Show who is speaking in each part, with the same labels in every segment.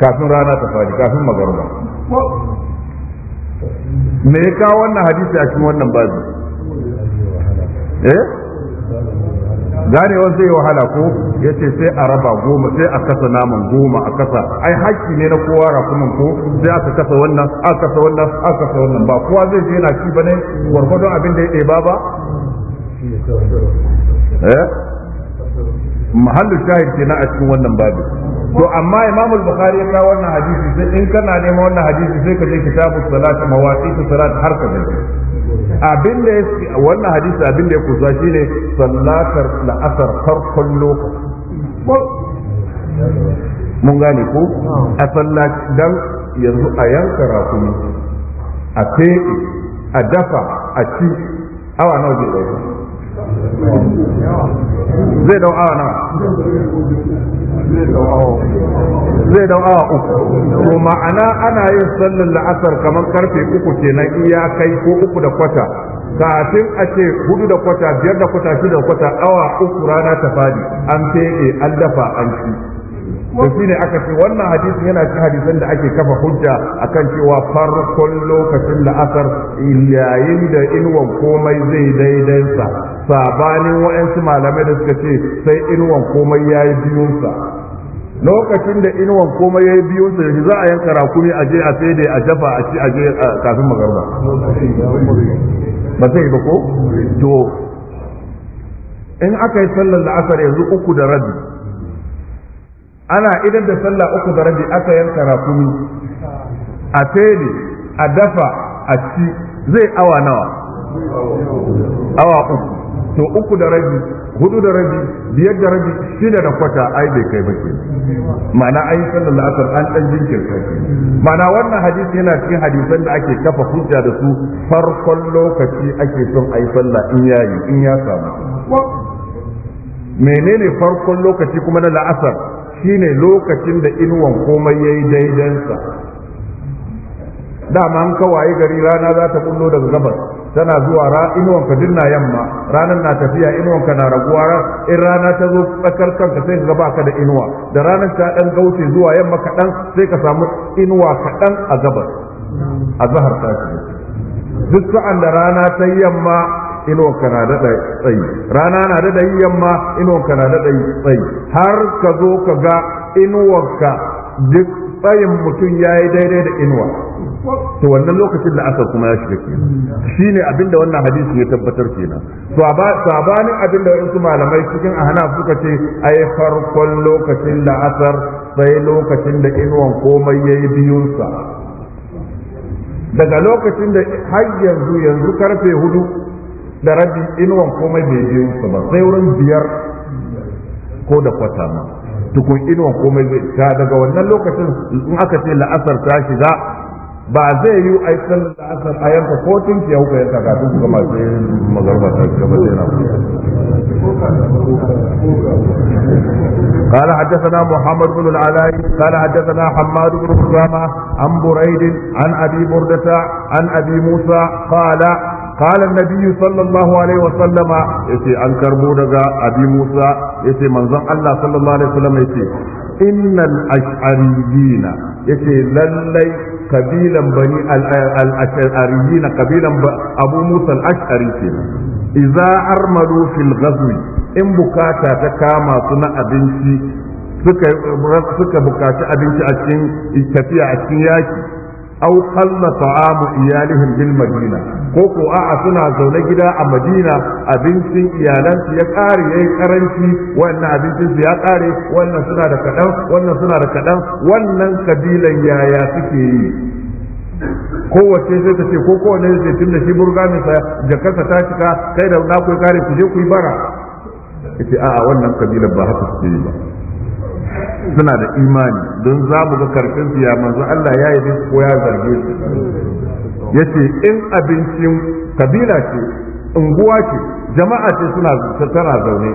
Speaker 1: kafin rana ta fadi kafin magarba me ya kawo wannan hadisi a cikin wannan babu eh wanda zai wahala ko ya ce sai a raba goma sai a kasa naman goma a kasa ai haƙƙi ne na kowa rakunan ko sai aka kasa wannan aka kasa wannan aka kasa wannan ba kowa zai je na ci bane gwargwadon abin da ya ɗeba ba eh mahallu shahid na a cikin wannan babu to amma imam al-bukhari ya kawo wannan hadisi sai in kana neman wannan hadisi sai ka je kitabu salat mawaqitu salat har ka dace abin da wannan hadisi abin da ya kusa shine sallatar la'asar farkon lokaci mun gane ko a sallaci dan yanzu a yanka rakumi a a dafa a ci awa nawa ke ɗauka. zai dau awa nawa zai dau awa uku to ma'ana ana yin sallar la'asar kamar karfe uku kenan iya kai ko uku da kwata kafin a ce hudu da kwata biyar da kwata shida da kwata awa uku rana ta fadi an fede an dafa an ci shi ne aka ce wannan hadisin yana cikin hadisan da ake kafa hujja a kan cewa farkon lokacin la'asar yayin da inuwan komai zai daidai sabanin wa'ansu malamai da suka ce sai inuwan komai ya yi biyunsa lokacin da inuwan komai ya yi biyunsa yanzu za a yanka rakuni a je a sai da a jafa a ci a je kafin magarba ba sai ba ko to in aka yi sallar la'asar yanzu uku da rabi ana idan da sallah uku da rabi aka yanka rakuni a tele a dafa a ci zai awa nawa awa uku to uku da rabi hudu da rabi biyar da rabi shida da kwata ai bai kai ba ke ma'ana ai sallallahu alaihi wasallam an dan jinkirta ke ma'ana wannan hadisi yana cikin hadisan da ake kafa hujja da su farkon lokaci ake son ai sallah in yayi in ya samu menene farkon lokaci kuma na la'asar shine lokacin da inuwan komai yayi daidansa dama an kawai gari rana za ta kullo daga gabas tana zuwa ra inuwan ka dinna yamma ranar na tafiya inuwan ka na raguwa in rana ta zo tsakar kanka sai ka gaba ka da inuwa da ranar ta dan gauce zuwa yamma kaɗan sai ka samu inuwa kaɗan a gabas a zahar ta duk sa'an da rana ta yamma inuwanka na daɗa tsayi rana na daɗa yi yamma inuwanka na daɗa tsayi har ka zo ka ga inuwanka duk tsayin mutum ya yi daidai da inuwa to wannan lokacin da asar kuma ya shiga kenan shine abinda wannan hadisi ya tabbatar kenan to sabani abinda wasu malamai cikin ahnaf suka ce ai farkon lokacin da asar sai lokacin da inuwan komai yayi biyunsa daga lokacin da har yanzu yanzu karfe hudu da rabi inuwan komai bai biyunsa ba sai wurin biyar ko da kwata ma tukun inuwan komai zai ta daga wannan lokacin in aka ce la'asar ta shiga ba zai yi a yi sallar da asar a yanka ko tunki ya huka yanka kafin ku gama sai magarba ta gaba sai na قال حدثنا محمد بن العلاء قال حدثنا حماد بن أسامة عن بريد عن أبي بردة عن أبي موسى قال قال النبي صلى الله عليه وسلم يتي أنكر بودغا أبي موسى يتي منظم الله صلى الله عليه وسلم يتي إن الأشعريين yace lallai kabilan bani al-ash'ari na kabilan abu musa al-ash'ari ce idza fil in bukata ta kama su na abinci suka suka bukaci abinci a cikin tafiya a cikin yaki aw qalla ta'amu iyalihim bil madina ko ko a'a suna zaune gida a madina abincin iyalansu ya kare yayi karanci wannan abincin su ya kare wannan suna da kadan wannan suna da kadan wannan kabilan yaya suke yi kowace sai ta ce ko kowane sai tun da shi burgamin sa jakarta ta cika kai da na ku kare ku je ku yi bara yace a'a wannan kabilan ba haka suke yi ba suna da imani don za mu ga karfin su ya manzo Allah ya yi su ko ya zarge su yace in abincin kabila ce unguwa ce jama'a ce suna tana zaune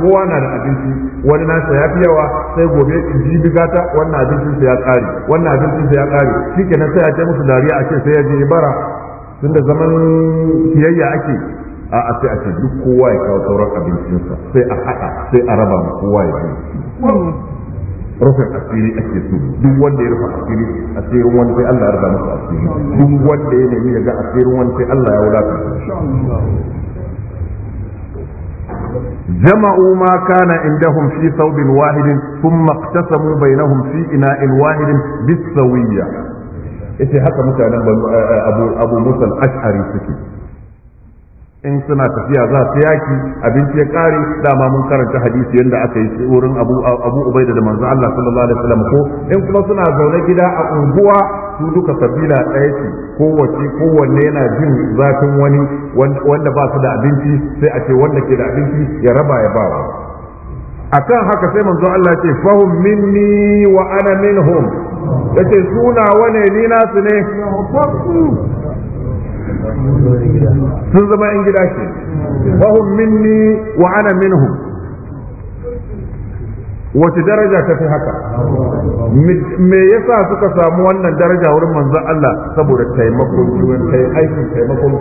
Speaker 1: kowa na da abinci wani nasa ya fi yawa sai gobe in bi gata wannan abincin sa ya kare wannan abincin sa ya kare shikenan sai a ce musu dariya a ce sai ya je bara tunda zaman kiyayya ake a a sai a ce duk kowa ya kawo sauran abincinsa sai a haɗa sai a raba ma kowa ya
Speaker 2: biyu
Speaker 1: rufin asiri ake so duk wanda ya rufe asiri asirin wani sai Allah ya rufa masa asiri duk wanda ya nemi ya ga asirin wani sai Allah ya wadata جمعوا ما كان عندهم في ثوب واحد ثم اقتسموا بينهم في إناء واحد بالسوية. إيه هكا مثلا أبو أبو موسى الأشعري سكي. in suna tafiya za su yaki abinci ya kare dama mun karanta hadisi yadda aka yi wurin abu abu ubaida da manzo Allah sallallahu alaihi wasallam ko in kuma suna zaune gida a unguwa su duka sabila ɗaya ce kowace kowanne yana jin zafin wani wanda ba su da abinci sai a ce wanda ke da abinci ya raba ya ba wa akan haka sai manzo Allah ce fahum minni wa ana minhum yace suna wane ni nasu ne sun zama yan gida ke wahun minni wa ana minhum wace daraja ta fi haka me yasa suka samu wannan daraja wurin manzon Allah saboda taimakon juwan kai aikin taimakon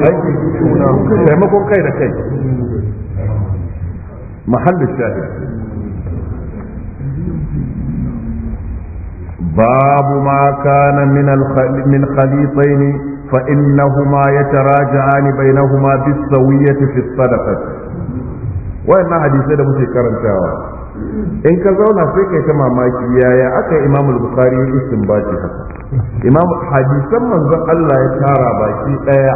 Speaker 1: aikin taimakon kai da kai mahallin shahid باب ما كان من من فإنهما يتراجعان بينهما بالسوية في الصدقة وإن حديث da muke karantawa. in ka zauna sai kai ta mamaki yaya aka imam al-bukhari ya istinbati haka imam hadisan manzon Allah ya tara baki ɗaya,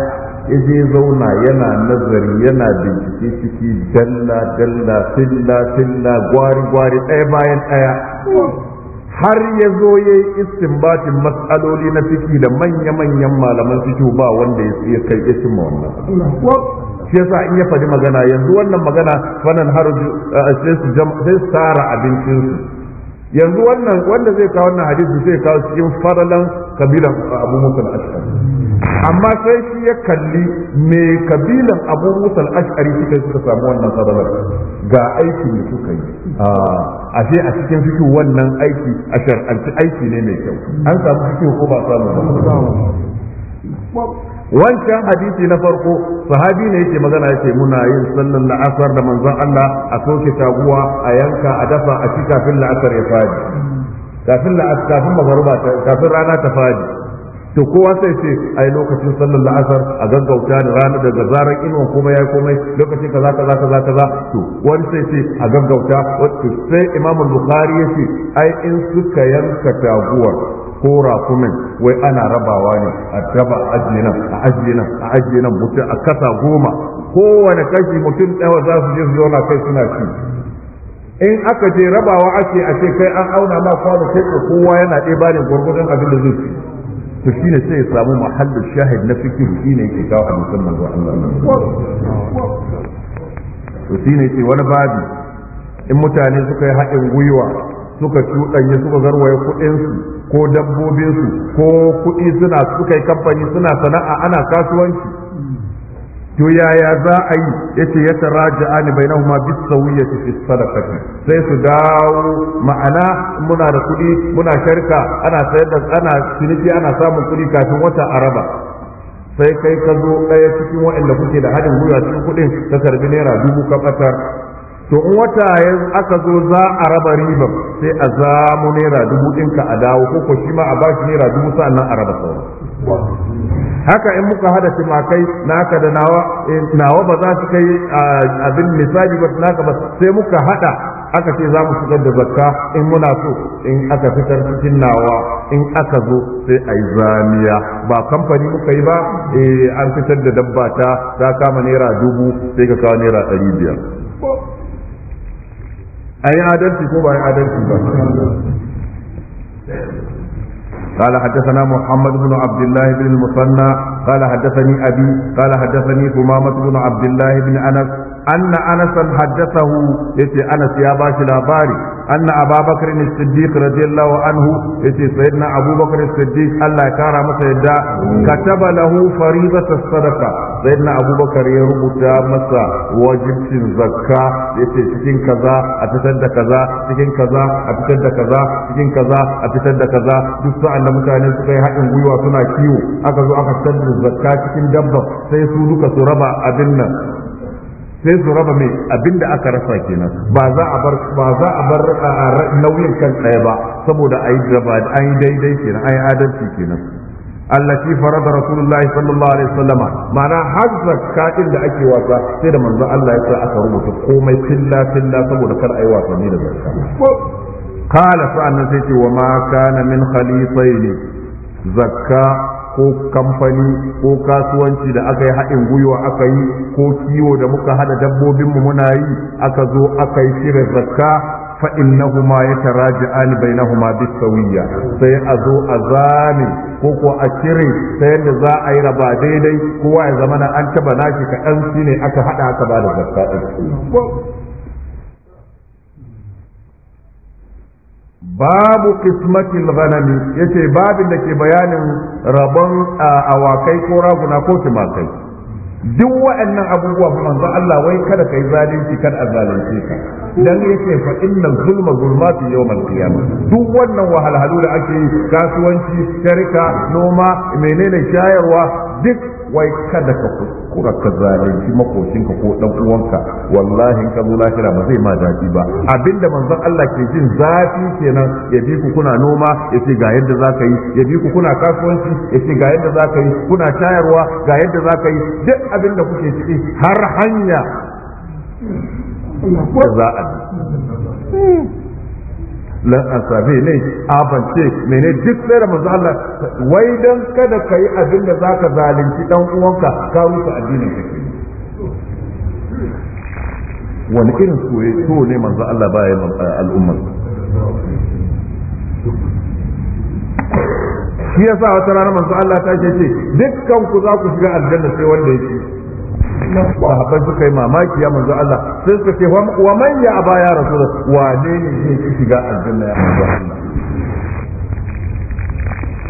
Speaker 1: ya je zauna yana nazari yana bincike ciki dalla dalla filla filla gwari gwari ɗaya bayan ɗaya. har ya zo ya yi istinbatin matsaloli na fiki da manya-manyan malaman fiki ba wanda ya kai isin ma wannan shi yasa in ya faɗi magana yanzu wannan magana fanan har sai su tara abincin su yanzu wannan wanda zai kawo wannan hadisi zai kawo cikin faralan kabilan abu musa al-ashari amma sai shi ya kalli me kabilan abu musa al-ashari suka suka samu wannan sararar ga aiki ne suka yi ah, ashe a cikin fiki wannan aiki a shar'anci aiki ne mai kyau an samu fiki ko ba samu ba wancan hadisi na farko sahabi ne yake magana yake muna yin sallan asar da manzon Allah a soke taguwa a yanka a dafa a cika kafin la'asar ya fadi kafin la kafin magharba kafin rana ta fadi to kowa sai ce ai lokacin sallar la'asar a gaggauta da rana daga zarar inuwan komai yayi komai lokacin kaza kaza kaza kaza to wani sai ce a gaggauta wato sai imamu bukhari yace ai in suka yanka taguwar ko rakumin wai ana rabawa ne a raba ajiye nan a ajiye nan a ajiye nan mutum a kasa goma kowane kashi mutum ɗawa za su je su zauna kai suna ci in aka je rabawa ake a ce kai an auna ma kwano sai ka kowa yana ɗebarin gwargwadon abin da zai to shine sai ya samu mahallin shahid na fikir shine yake kawo a musamman zuwa Allah to shine ce wani babi in mutane suka yi haɗin gwiwa suka cuɗanya suka garwaye kuɗinsu ko dabbobinsu ko kuɗi suna suka yi kamfani suna sana'a ana kasuwanci to yaya za a yi yace ya taraja ani bainahuma bis su fi sadaqati sai su dawo ma'ana muna da kuɗi muna sharka ana sayar da ana ciniki ana samun kuɗi kafin wata araba sai kai ka zo ɗaya cikin waɗanda kuke da haɗin gwiwa cikin kuɗin ta karbi naira dubu ka ɓatar to in wata ya aka zo za a raba ribar, sai a zamu naira dubu ɗinka a dawo ko ko shi ma a bashi naira dubu sa'annan a raba sauran haka in muka hada kai naka da nawa eh, nawa ba za su kai abin misali ba naka ba sai muka hada aka ce za mu shigar da zakka in muna so in aka fitar cikin nawa in aka zo sai a yi zaniya ba kamfani muka yi ba eh, an fitar da dabba ta ta kama naira dubu sai ka kawo naira ɗari biyar an yi adalci ko ba yi adalci ba قال حدثنا محمد بن عبد الله بن المثنى قال حدثني أبي قال حدثني ثمامة بن عبد الله بن أنس anna anasan haddathahu yace anas ya bashi labari anna ababakar ne siddiq radiyallahu anhu yace sayyidina abubakar siddiq Allah ya kara masa yadda kataba la'ufari faridata sadaqa sayyidina abubakar ya rubuta masa wajibcin zakka yace cikin kaza a fitar da kaza cikin kaza a fitar da kaza cikin kaza a fitar da kaza duk sa'an da mutane suka haɗin gwiwa suna kiwo aka zo aka fitar da zakka cikin dabba sai su duka su raba abin nan sai su raba mai abinda aka rasa kenan ba za a bar ba za a bar nauyin kan ɗaya ba saboda ayi gaba ayi daidai kenan yi adalci kenan allati farada rasulullah sallallahu alaihi wasallam ma'ana har zakka ɗin da ake wasa sai da manzo Allah ya sa aka rubuta komai filla filla saboda kar yi wasanni da zakka qala sa'an sai ce wa ma kana min khalisai zakka ko kamfani ko kasuwanci da aka yi haɗin gwiwa aka yi ko kiwo da muka haɗa dabbobinmu muna yi aka zo aka yi shirin zakka فإنهما يتراجعان bainahuma bisawiyya sai a zo a zame ko ko a cire sai yadda za a yi raba daidai kowa ya zamana an taba nashi kaɗan shine aka haɗa aka ba da zakka babu qismatil ghanami yace babin da ke bayanin rabon awakai ko raguna ko tumakai duk waɗannan abubuwa ba manzo Allah wai kada ka yi zalunci kan a ka dan yace fa innal zulma zulmatu yawmal qiyamah duk wannan wahalhalu da ake kasuwanci sharika noma menene shayarwa duk wai kada ka kura ka zalunci makocinka ko dan uwanka wallahi ka zo lahira ba zai ma daɗi ba abinda manzon Allah ke jin zafi kenan ya bi ku kuna noma ya ce ga yadda za yi ya bi ku kuna kasuwanci ya ce ga yadda za yi kuna tayarwa ga yadda za ka yi duk abinda kuke ciki har hanya za a lan asabe ne abance ne duk sai da manzo Allah wai dan kada kai abin da zaka zalunci dan uwanka ka rusa addinin ka wani irin soye so ne manzo Allah baya eh, al'ummar shi yasa wata rana manzo Allah ta ce dukkan ku za ku shiga aljanna sai wanda yake sahabbai suka yi mamaki ya manzo Allah sai suka ce wa man ya aba ya rasul wa ne ne zai shiga aljanna ya manzo Allah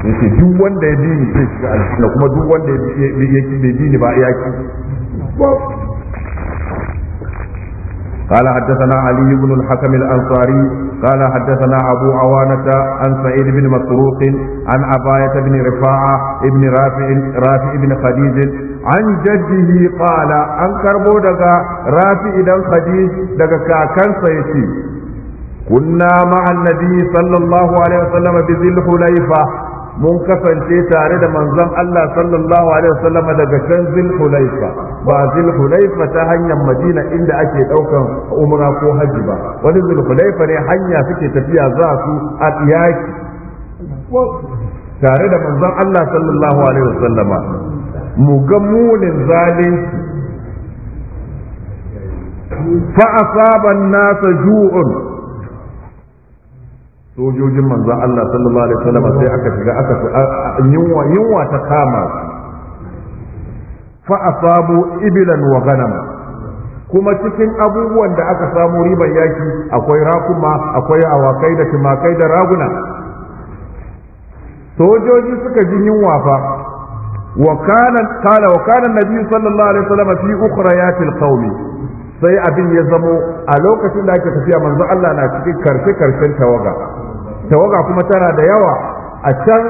Speaker 1: yace duk wanda ya dini zai shiga aljanna kuma duk wanda ya bi dini ba ya ki
Speaker 2: قال حدثنا علي بن
Speaker 1: الحكم الأنصاري قال حدثنا أبو عوانة عن سعيد بن مسروق عن عباية بن رفاعة بن رافع رافع بن خديج an jaddihi qala an karbo daga rafi idan khadij daga kakansa yace kunna ma'a annabi sallallahu alaihi wasallam bi zil hulaifa mun kasance tare da manzon Allah sallallahu alaihi wasallam daga can zil hulaifa ba zil hulaifa ta hanyar Madina inda ake daukan umra ko haji ba wani zil hulaifa ne hanya suke tafiya za su a tiyaki tare da manzon Allah sallallahu alaihi sallama. mu ga munin zalunci fa asaban nasa ju'un sojojin manzo Allah sallallahu alaihi wasallam sai aka shiga aka yunwa yunwa ta kama fa asabu ibilan wa ganama, kuma cikin abubuwan da aka samu riban yaki akwai rakuma akwai awakai da tumakai da raguna sojoji suka ji yunwa fa وكان قال وكان النبي صلى الله عليه وسلم في أخريات القوم sai abin ya zamo a lokacin da ake tafiya manzo Allah na cikin karshe karshen tawaga tawaga kuma tana da yawa a can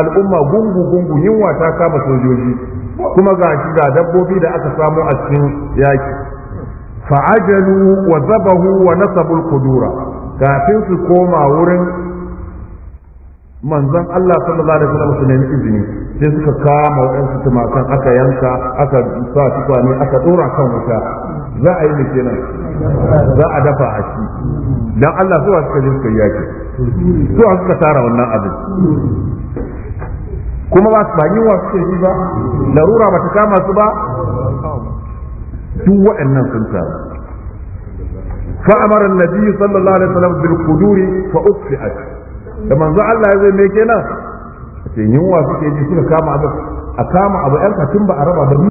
Speaker 1: al'umma gungu gungu yinwa ta kama sojoji kuma ga shi ga dabbobi da aka samu a cikin yaki fa'ajalu wa zabahu wa nasabul kudura, kafin su koma wurin manzon Allah sallallahu alaihi wasallam su nemi izini sai suka kama waɗansu tumakan aka yanka aka sa tukwane aka ɗora kan wuta za a yi da kenan za a dafa a shi dan Allah zuwa suka je suka yaki zuwa suka tara wannan abin kuma ba su bani wa suke yi ba larura ba ta kama su ba duk waɗannan sun taru فأمر النبي صلى الله عليه وسلم بالقدور فأطفئت da manzo Allah ya zai me kenan ce yunwa suke ji suka kama abu a kama abu yan tun ba a raba da